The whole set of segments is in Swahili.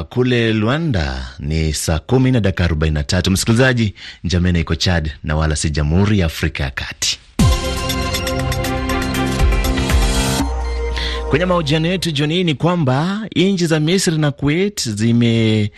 Ah, kule Luanda ni saa kumi na dakika 43. Msikilizaji, Njamena iko Chad na wala si Jamhuri ya Afrika ya Kati. Kwenye mahojiano yetu jioni hii ni kwamba nchi za Misri na Kuwait zime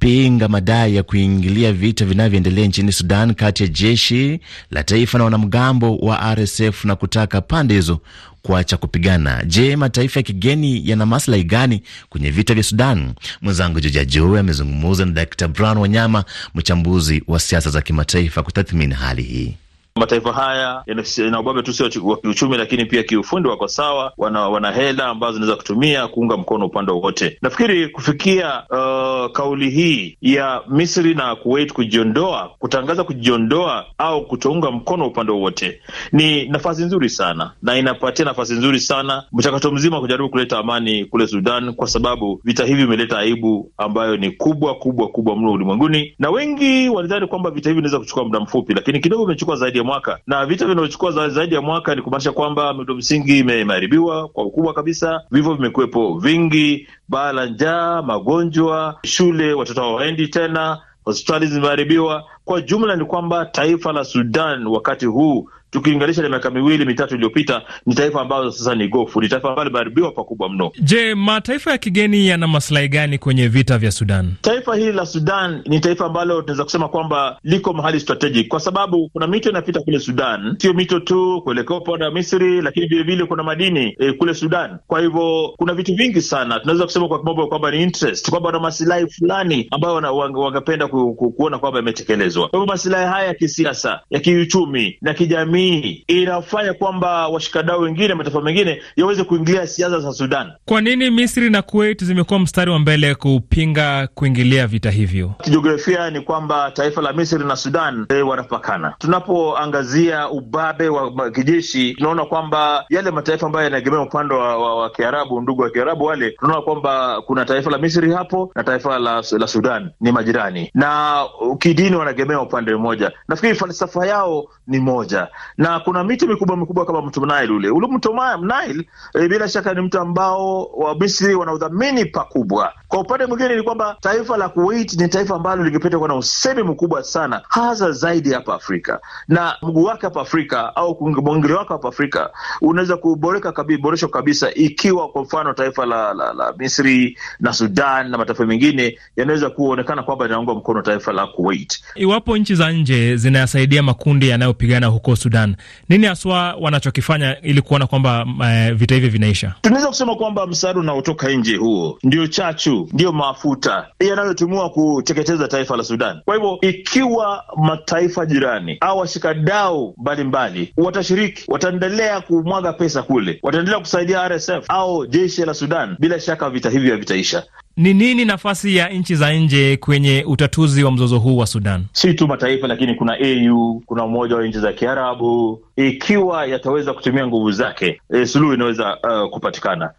kupinga madai ya kuingilia vita vinavyoendelea nchini Sudan kati ya jeshi la taifa na wanamgambo wa RSF na kutaka pande hizo kuacha kupigana. Je, mataifa ya kigeni yana maslahi gani kwenye vita vya Sudan? Mwenzangu Joja Joe amezungumza na Dkt Brown Wanyama, mchambuzi wa siasa za kimataifa, kutathmini hali hii mataifa haya yana ubabe tu sio wa kiuchumi, lakini pia kiufundi wako sawa, wana, wana hela ambazo zinaweza kutumia kuunga mkono upande wowote. Nafikiri kufikia uh, kauli hii ya Misri na Kuwait kujiondoa, kutangaza kujiondoa au kutounga mkono upande wowote ni nafasi nzuri sana, na inapatia nafasi nzuri sana mchakato mzima wa kujaribu kuleta amani kule Sudan, kwa sababu vita hivi vimeleta aibu ambayo ni kubwa kubwa kubwa mno ulimwenguni, na wengi walidhani kwamba vita hivi vinaweza kuchukua muda mfupi, lakini kidogo vimechukua zaidi ya mwaka, na vita vinavyochukua zaidi ya mwaka ni kumaanisha kwamba miundo msingi imeharibiwa kwa ukubwa kabisa. Vifo vimekuwepo vingi, baa la njaa, magonjwa, shule watoto hawaendi tena, hospitali zimeharibiwa. Kwa jumla ni kwamba taifa la Sudan wakati huu tukilinganisha na miaka miwili mitatu iliyopita, ni taifa ambalo sasa ni gofu, ni taifa ambalo limeharibiwa pakubwa mno. Je, mataifa ya kigeni yana masilahi gani kwenye vita vya Sudan? Taifa hili la Sudan ni taifa ambalo tunaweza kusema kwamba liko mahali strategic, kwa sababu kuna mito inapita kule Sudan, sio mito tu kuelekea upande wa Misri, lakini vilevile kuna madini e, kule Sudan. Kwa hivyo kuna vitu vingi sana tunaweza kusema kwa kimombo kwamba ni interest, kwamba wana masilahi fulani ambayo wangependa ku, ku, kuona kwamba yametekelezwa. Kwa hivyo masilahi haya ya kisiasa, ya kiuchumi na kijamii hii inafanya kwamba washikadau wengine mataifa mengine yaweze kuingilia siasa za Sudan. Kwa nini Misri na Kuwait zimekuwa mstari wa mbele kupinga kuingilia vita hivyo? kijiografia ni kwamba taifa la Misri na Sudan e, wanapakana. Tunapoangazia ubabe wa kijeshi, tunaona kwamba yale mataifa ambayo yanaegemea upande wa, wa, wa Kiarabu, ndugu wa Kiarabu wale, tunaona kwamba kuna taifa la Misri hapo na taifa la, la Sudan ni majirani, na kidini wanaegemea upande mmoja. Nafikiri falsafa yao ni moja na kuna miti mikubwa mikubwa kama mto Nile ule. Ule mto Nile e, bila shaka ni mto ambao wa Misri wanaudhamini pakubwa. Kwa upande mwingine ni kwamba taifa la Kuwait ni taifa ambalo lingependa kuwa na usemi mkubwa sana, hasa zaidi hapa Afrika, na mguu wake hapa Afrika au mwingilio wake hapa Afrika unaweza kuboreka kabisa, boreshwa kabisa, ikiwa kwa mfano taifa la, la, la Misri na Sudan na mataifa mengine yanaweza kuonekana kwamba linaunga mkono taifa la Kuwait, iwapo nchi za nje zinayasaidia makundi yanayopigana huko Sudan Sudan. Nini haswa wanachokifanya ili kuona kwamba uh, vita hivyo vinaisha? Tunaweza kusema kwamba msaada unaotoka nje huo ndio chachu, ndiyo mafuta yanayotumiwa kuteketeza taifa la Sudan. Kwa hivyo ikiwa mataifa jirani au washikadau mbalimbali watashiriki, wataendelea kumwaga pesa kule, wataendelea kusaidia RSF au jeshi la Sudan, bila shaka vita hivyo havitaisha. Ni nini nafasi ya nchi za nje kwenye utatuzi wa mzozo huu wa Sudan? Si tu mataifa, lakini kuna AU, kuna umoja wa nchi za Kiarabu. Ikiwa yataweza kutumia nguvu zake, e, suluhu inaweza uh, kupatikana.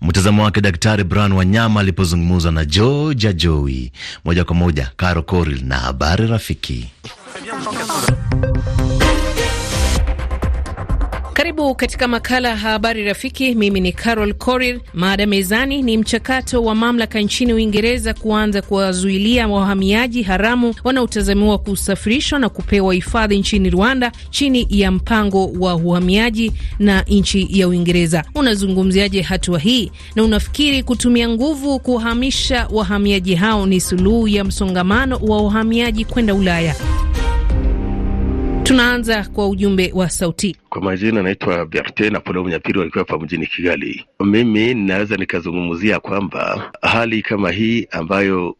Mtazamo wake Daktari Brian Wanyama alipozungumza na Joja Joi. Moja kwa moja, Caro Coril na habari rafiki karibu katika makala ya habari rafiki. Mimi ni Carol corir Maada mezani ni mchakato wa mamlaka nchini Uingereza kuanza kuwazuilia wahamiaji haramu wanaotazamiwa kusafirishwa na kupewa hifadhi nchini Rwanda chini ya mpango wa uhamiaji na nchi ya Uingereza. Unazungumziaje hatua hii na unafikiri kutumia nguvu kuhamisha wahamiaji hao ni suluhu ya msongamano wa uhamiaji kwenda Ulaya? Tunaanza kwa ujumbe wa sauti. Kwa majina naitwa Berte na Polo Mnyapiri, walikuwa hapa mjini Kigali. Mimi naweza nikazungumzia kwamba hali kama hii ambayo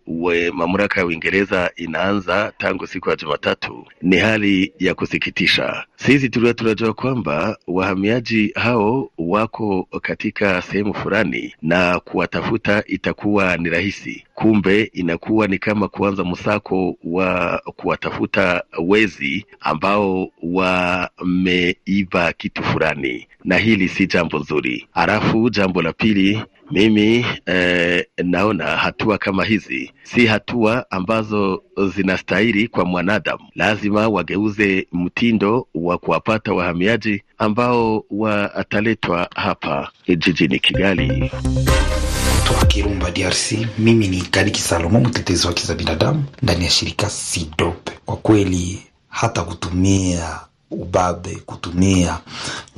mamlaka ya Uingereza inaanza tangu siku ya Jumatatu ni hali ya kusikitisha. Sisi tulikuwa tunajua kwamba wahamiaji hao wako katika sehemu fulani na kuwatafuta itakuwa ni rahisi, kumbe inakuwa ni kama kuanza msako wa kuwatafuta wezi ambao wameiba kitu fulani, na hili si jambo nzuri. Halafu jambo la pili mimi eh, naona hatua kama hizi si hatua ambazo zinastahili kwa mwanadamu. Lazima wageuze mtindo wa kuwapata wahamiaji ambao wataletwa hapa jijini Kigali kutoka Kirumba, DRC. Mimi ni Kaniki Salomo, mtetezi wa haki za binadamu ndani ya shirika Sidope. Kwa kweli hata kutumia ubabe, kutumia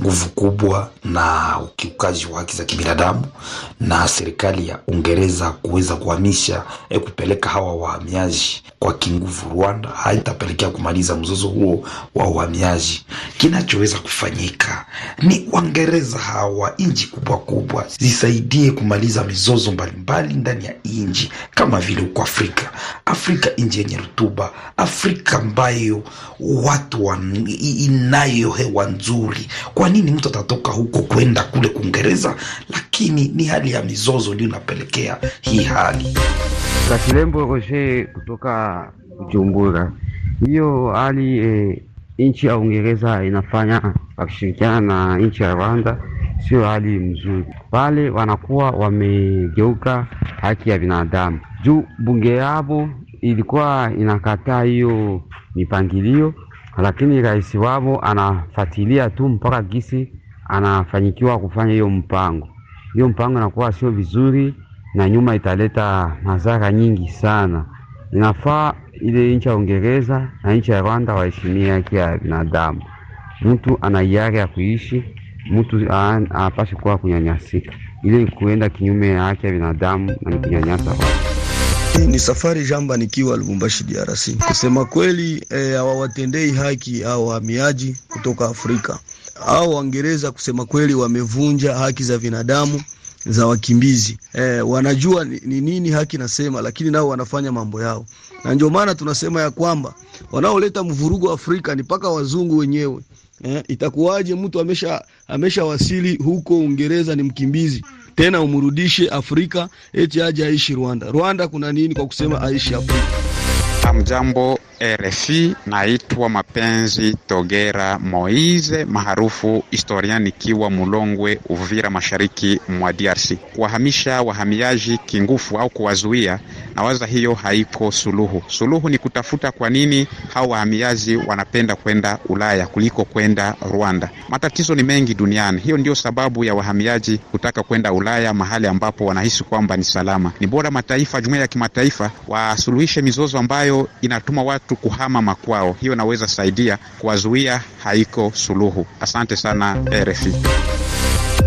nguvu kubwa na ukiukaji wa haki za kibinadamu, na serikali ya Uingereza kuweza kuhamisha e, kupeleka hawa wahamiaji kwa kinguvu Rwanda haitapelekea kumaliza mzozo huo wa uhamiaji. Kinachoweza kufanyika ni Waingereza hawa inji kubwa kubwa zisaidie kumaliza mizozo mbalimbali ndani ya inji, kama vile huko Afrika, Afrika inji yenye rutuba, Afrika ambayo watu wa inayo hewa nzuri. Kwa nini mtu atatoka huko kwenda kule Kuingereza? Lakini ni hali ya mizozo ndio inapelekea hii hali. Kakilembo Roger kutoka Bujumbura. Hiyo hali eh, nchi ya Uingereza inafanya wakishirikiana na nchi ya Rwanda sio hali mzuri. Pale wanakuwa wamegeuka haki ya binadamu juu bunge yabo ilikuwa inakataa hiyo mipangilio lakini rais wavo anafatilia tu mpaka gisi anafanyikiwa kufanya hiyo mpango. Hiyo mpango inakuwa sio vizuri na nyuma italeta madhara nyingi sana. Inafaa ile nchi ya Uingereza na nchi ya Rwanda waheshimia haki ya binadamu. Mtu ana iari ya kuishi, mtu hapaswi kuwa kunyanyasika. Ile kuenda kinyume ya haki ya binadamu na kunyanyasa ni safari jamba nikiwa Lubumbashi DRC. Kusema kweli, eh, hawawatendei e, haki au wahamiaji kutoka Afrika au Waingereza. Kusema kweli, wamevunja haki za binadamu za wakimbizi e, wanajua ni nini haki nasema, lakini nao wanafanya mambo yao, na ndio maana tunasema ya kwamba wanaoleta mvurugo Afrika ni mpaka wazungu wenyewe. E, itakuwaje mtu amesha wasili huko Uingereza ni mkimbizi tena umrudishe Afrika, eti aje aishi Rwanda. Rwanda kuna nini kwa kusema aishi Afrika? Amjambo RFI, naitwa Mapenzi Togera Moize maarufu historia, nikiwa Mulongwe, Uvira, mashariki mwa DRC. Kuwahamisha wahamiaji kingufu au kuwazuia, na waza hiyo haiko suluhu. Suluhu ni kutafuta kwa nini hao wahamiaji wanapenda kwenda Ulaya kuliko kwenda Rwanda. Matatizo ni mengi duniani, hiyo ndio sababu ya wahamiaji kutaka kwenda Ulaya, mahali ambapo wanahisi kwamba ni salama. Ni bora mataifa, jumuiya ya kimataifa wasuluhishe mizozo ambayo ambayo inatuma watu kuhama makwao. Hiyo inaweza saidia kuwazuia, haiko suluhu. Asante sana RFI.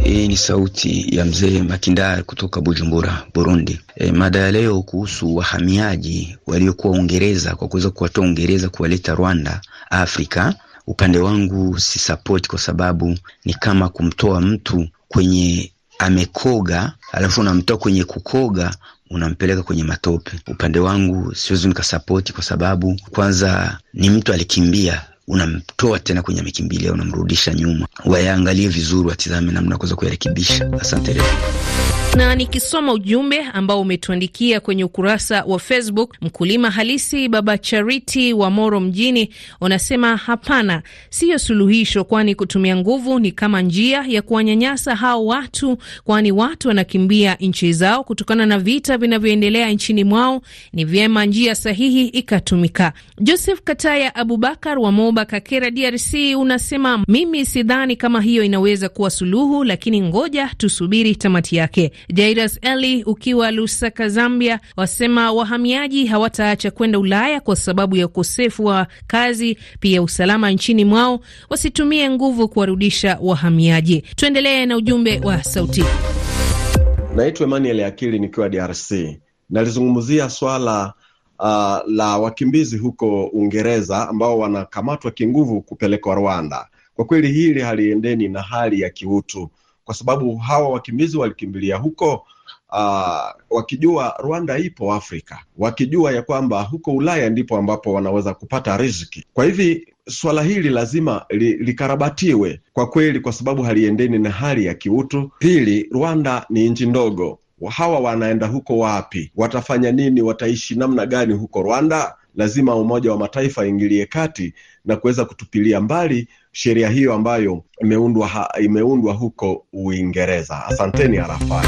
Hii ni sauti ya mzee Makindar kutoka Bujumbura, Burundi. E, mada ya leo kuhusu wahamiaji waliokuwa Uingereza kwa kuweza kuwatoa Uingereza kuwaleta Rwanda, Afrika. Upande wangu si kwa sababu ni kama kumtoa mtu kwenye amekoga, alafu unamtoa kwenye kukoga unampeleka kwenye matope. Upande wangu siwezi nikasapoti, kwa sababu kwanza ni mtu alikimbia unamtoa tena kwenye amekimbilia, unamrudisha nyuma. Wayaangalie vizuri, watizame namna kuweza kuyarekebisha. Asante. Na nikisoma ujumbe ambao umetuandikia kwenye ukurasa wa Facebook, mkulima halisi Baba Chariti wa Moro mjini unasema hapana, siyo suluhisho, kwani kutumia nguvu ni kama njia ya kuwanyanyasa hao watu, kwani watu wanakimbia nchi zao kutokana na vita vinavyoendelea nchini mwao. Ni vyema njia sahihi ikatumika. Joseph Kataya Abubakar wa Moba Kakera, DRC unasema mimi sidhani kama hiyo inaweza kuwa suluhu, lakini ngoja tusubiri tamati yake. Jairas Eli ukiwa Lusaka, Zambia, wasema wahamiaji hawataacha kwenda Ulaya kwa sababu ya ukosefu wa kazi, pia usalama nchini mwao, wasitumie nguvu kuwarudisha wahamiaji. Tuendelee na ujumbe wa sauti. Naitwa Emanuel Akili nikiwa DRC. Nalizungumzia swala uh, la wakimbizi huko Uingereza ambao wanakamatwa kinguvu kupelekwa Rwanda. Kwa kweli hili haliendeni na hali ya kiutu kwa sababu hawa wakimbizi walikimbilia huko Uh, wakijua Rwanda ipo Afrika, wakijua ya kwamba huko Ulaya ndipo ambapo wanaweza kupata riziki. Kwa hivi swala hili lazima li, likarabatiwe kwa kweli, kwa sababu haliendeni na hali ya kiutu. Pili, Rwanda ni nchi ndogo, hawa wanaenda huko wapi? Watafanya nini? Wataishi namna gani huko Rwanda? lazima Umoja wa Mataifa ingilie kati na kuweza kutupilia mbali sheria hiyo ambayo imeundwa, imeundwa huko Uingereza. Asanteni arafai.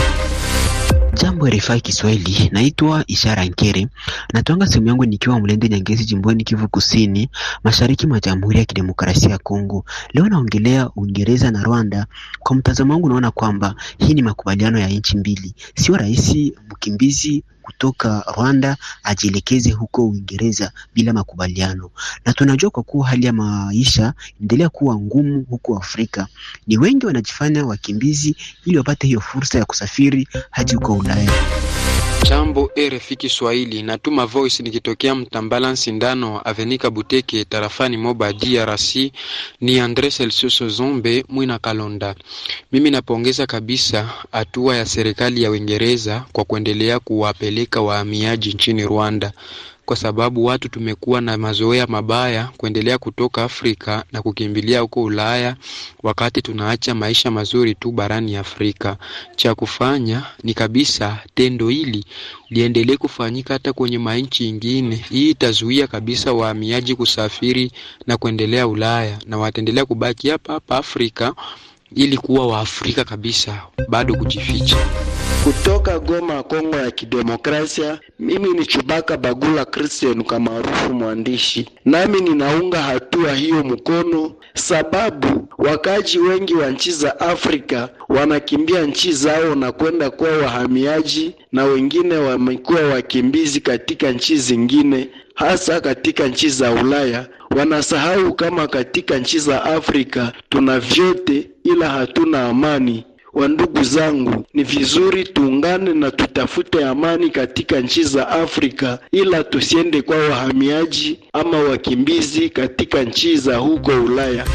Jambo RFI Kiswahili, naitwa Ishara Nkere, natwanga simu yangu nikiwa Mlende Nyangezi, jimboni Kivu Kusini, mashariki mwa Jamhuri ya Kidemokrasia ya Kongo. Leo naongelea Uingereza na Rwanda. Kwa mtazamo wangu, naona kwamba hii ni makubaliano ya nchi mbili, sio rahisi mkimbizi kutoka Rwanda ajielekeze huko Uingereza bila makubaliano, na tunajua kwa kuwa hali ya maisha endelea kuwa ngumu huko Afrika, ni wengi wanajifanya wakimbizi ili wapate hiyo fursa ya kusafiri hadi huko Ulaya. Jambo RFI Kiswahili, natuma voice nikitokea Mtambala Sindano Avenika Buteke tarafani Moba DRC. Ni Andre Celsoso Zombe Mwina Kalonda. Mimi napongeza kabisa hatua ya serikali ya Uingereza kwa kuendelea kuwapeleka wahamiaji nchini Rwanda kwa sababu watu tumekuwa na mazoea mabaya kuendelea kutoka Afrika na kukimbilia huko Ulaya, wakati tunaacha maisha mazuri tu barani Afrika. Cha kufanya ni kabisa tendo hili liendelee kufanyika hata kwenye manchi ingine. Hii itazuia kabisa wahamiaji kusafiri na kuendelea Ulaya, na wataendelea kubaki hapa hapa Afrika ili kuwa Waafrika kabisa bado kujificha. Kutoka Goma, Kongo ya Kidemokrasia, mimi ni Chubaka Bagula Christian kama maarufu mwandishi, nami ninaunga hatua hiyo mkono, sababu wakaji wengi wa nchi za Afrika wanakimbia nchi zao na kwenda kuwa wahamiaji, na wengine wamekuwa wakimbizi katika nchi zingine, hasa katika nchi za Ulaya Wanasahau kama katika nchi za Afrika tuna vyote ila hatuna amani. Wandugu zangu, ni vizuri tuungane na tutafute amani katika nchi za Afrika, ila tusiende kwa wahamiaji ama wakimbizi katika nchi za huko Ulaya.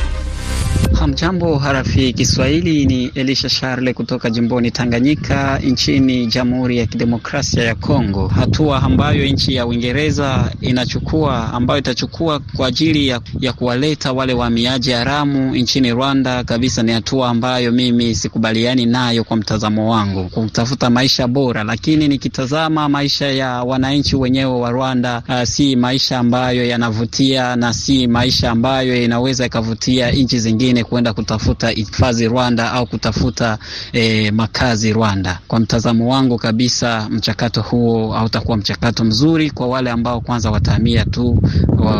Hamjambo harafi Kiswahili, ni Elisha Sharle kutoka jimboni Tanganyika nchini Jamhuri ya Kidemokrasia ya Kongo. Hatua ambayo nchi ya Uingereza inachukua ambayo itachukua kwa ajili ya, ya kuwaleta wale wahamiaji haramu nchini Rwanda kabisa ni hatua ambayo mimi sikubaliani nayo kwa mtazamo wangu, kutafuta maisha bora, lakini nikitazama maisha ya wananchi wenyewe wa Rwanda uh, si maisha ambayo yanavutia na si maisha ambayo inaweza ikavutia nchi zingine wengine kwenda kutafuta hifadhi Rwanda au kutafuta e, makazi Rwanda. Kwa mtazamo wangu kabisa, mchakato huo hautakuwa mchakato mzuri kwa wale ambao kwanza watahamia tu,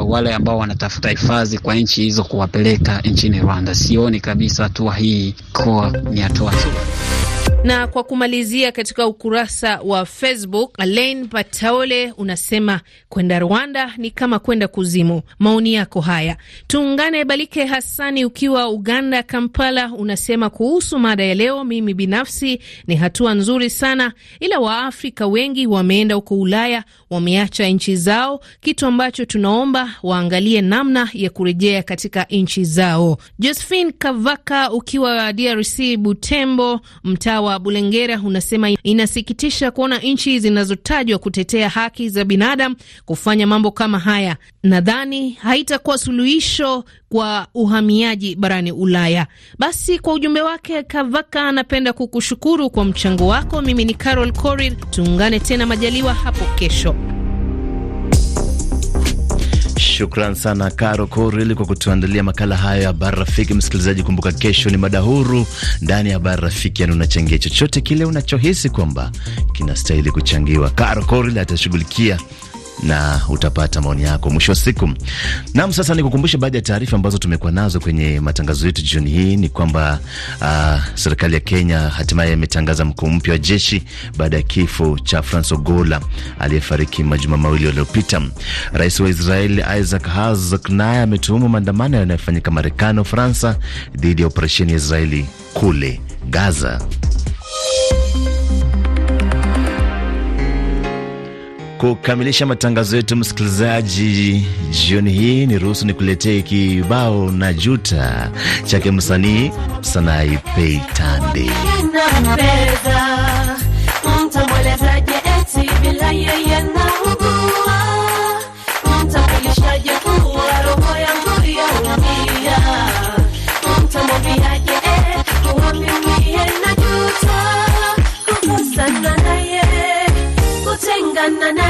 wale ambao wanatafuta hifadhi kwa nchi hizo kuwapeleka nchini Rwanda. Sioni kabisa hatua hii kuwa ni hatua nzuri. Na kwa kumalizia, katika ukurasa wa Facebook Alain Pataole unasema kwenda Rwanda ni kama kwenda kuzimu. Maoni yako haya. Tuungane Balike hasani ukiwa Uganda, Kampala, unasema kuhusu mada ya leo, mimi binafsi ni hatua nzuri sana, ila Waafrika wengi wameenda huko Ulaya, wameacha nchi zao, kitu ambacho tunaomba waangalie namna ya kurejea katika nchi zao. Josephine Kavaka ukiwa DRC Butembo, mtaa wa Bulengera unasema inasikitisha kuona nchi zinazotajwa kutetea haki za binadamu kufanya mambo kama haya. Nadhani haitakuwa suluhisho kwa uhamiaji barani Ulaya. Basi kwa ujumbe wake, Kavaka anapenda kukushukuru kwa mchango wako. Mimi ni Carol Korir, tuungane tena majaliwa hapo kesho. Shukran sana Karo Korel kwa kutuandalia makala hayo ya Bara rafiki. Msikilizaji, kumbuka kesho ni mada huru ndani ya Bara rafiki, yani unachangia chochote kile unachohisi kwamba kinastahili kuchangiwa. Karo Korel atashughulikia na utapata maoni yako mwisho wa siku. Naam, sasa nikukumbushe baadhi ya taarifa ambazo tumekuwa nazo kwenye matangazo yetu jioni hii ni kwamba uh, serikali ya Kenya hatimaye imetangaza mkuu mpya wa jeshi baada ya kifo cha Francis Ogola aliyefariki majuma mawili yaliyopita. Rais wa Israel Isaac Herzog naye ametuhumu maandamano yanayofanyika Marekani, Ufaransa dhidi ya operesheni ya Israeli kule Gaza. kukamilisha matangazo yetu, msikilizaji, jioni hii ni ruhusu ni kuletee kibao na juta chake msanii Sanai Na eh, na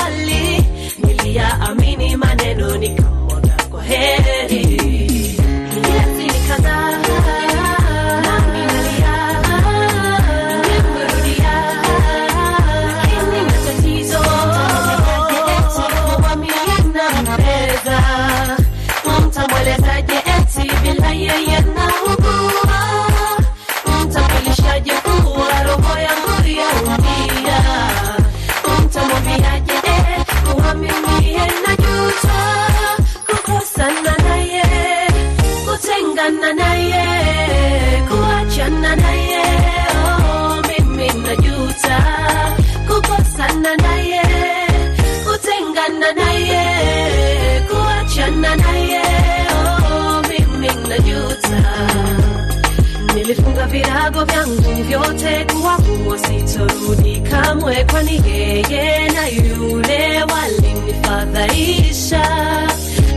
vinyago vyangu vyote kuwa huo, sitorudi kamwe, kwani yeye na yule walinifadhaisha,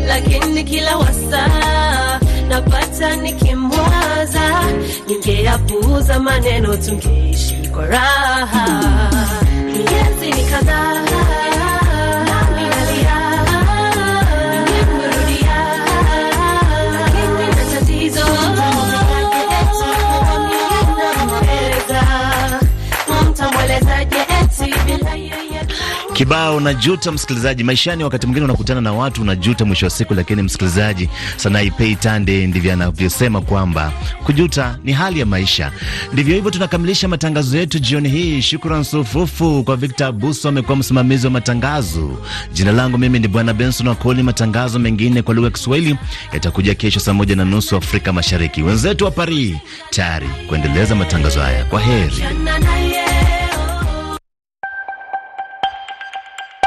lakini kila wasaa napata nikimwaza, ningeyapuuza maneno, tungeishi kwa raha. Miezi ni kadhaa Kibao najuta, msikilizaji. Maishani wakati mwingine unakutana na watu unajuta mwisho wa siku, lakini msikilizaji, Sanaipei Tande ndivyo anavyosema kwamba kujuta ni hali ya maisha. Ndivyo hivyo, tunakamilisha matangazo yetu jioni hii. Shukran sufufu kwa Victor Buso, amekuwa msimamizi wa matangazo. Jina langu mimi ni Bwana Benson Wakoli. Matangazo mengine kwa lugha ya Kiswahili yatakuja kesho saa moja na nusu Afrika Mashariki. Wenzetu wa Paris tayari kuendeleza matangazo haya. Kwa heri.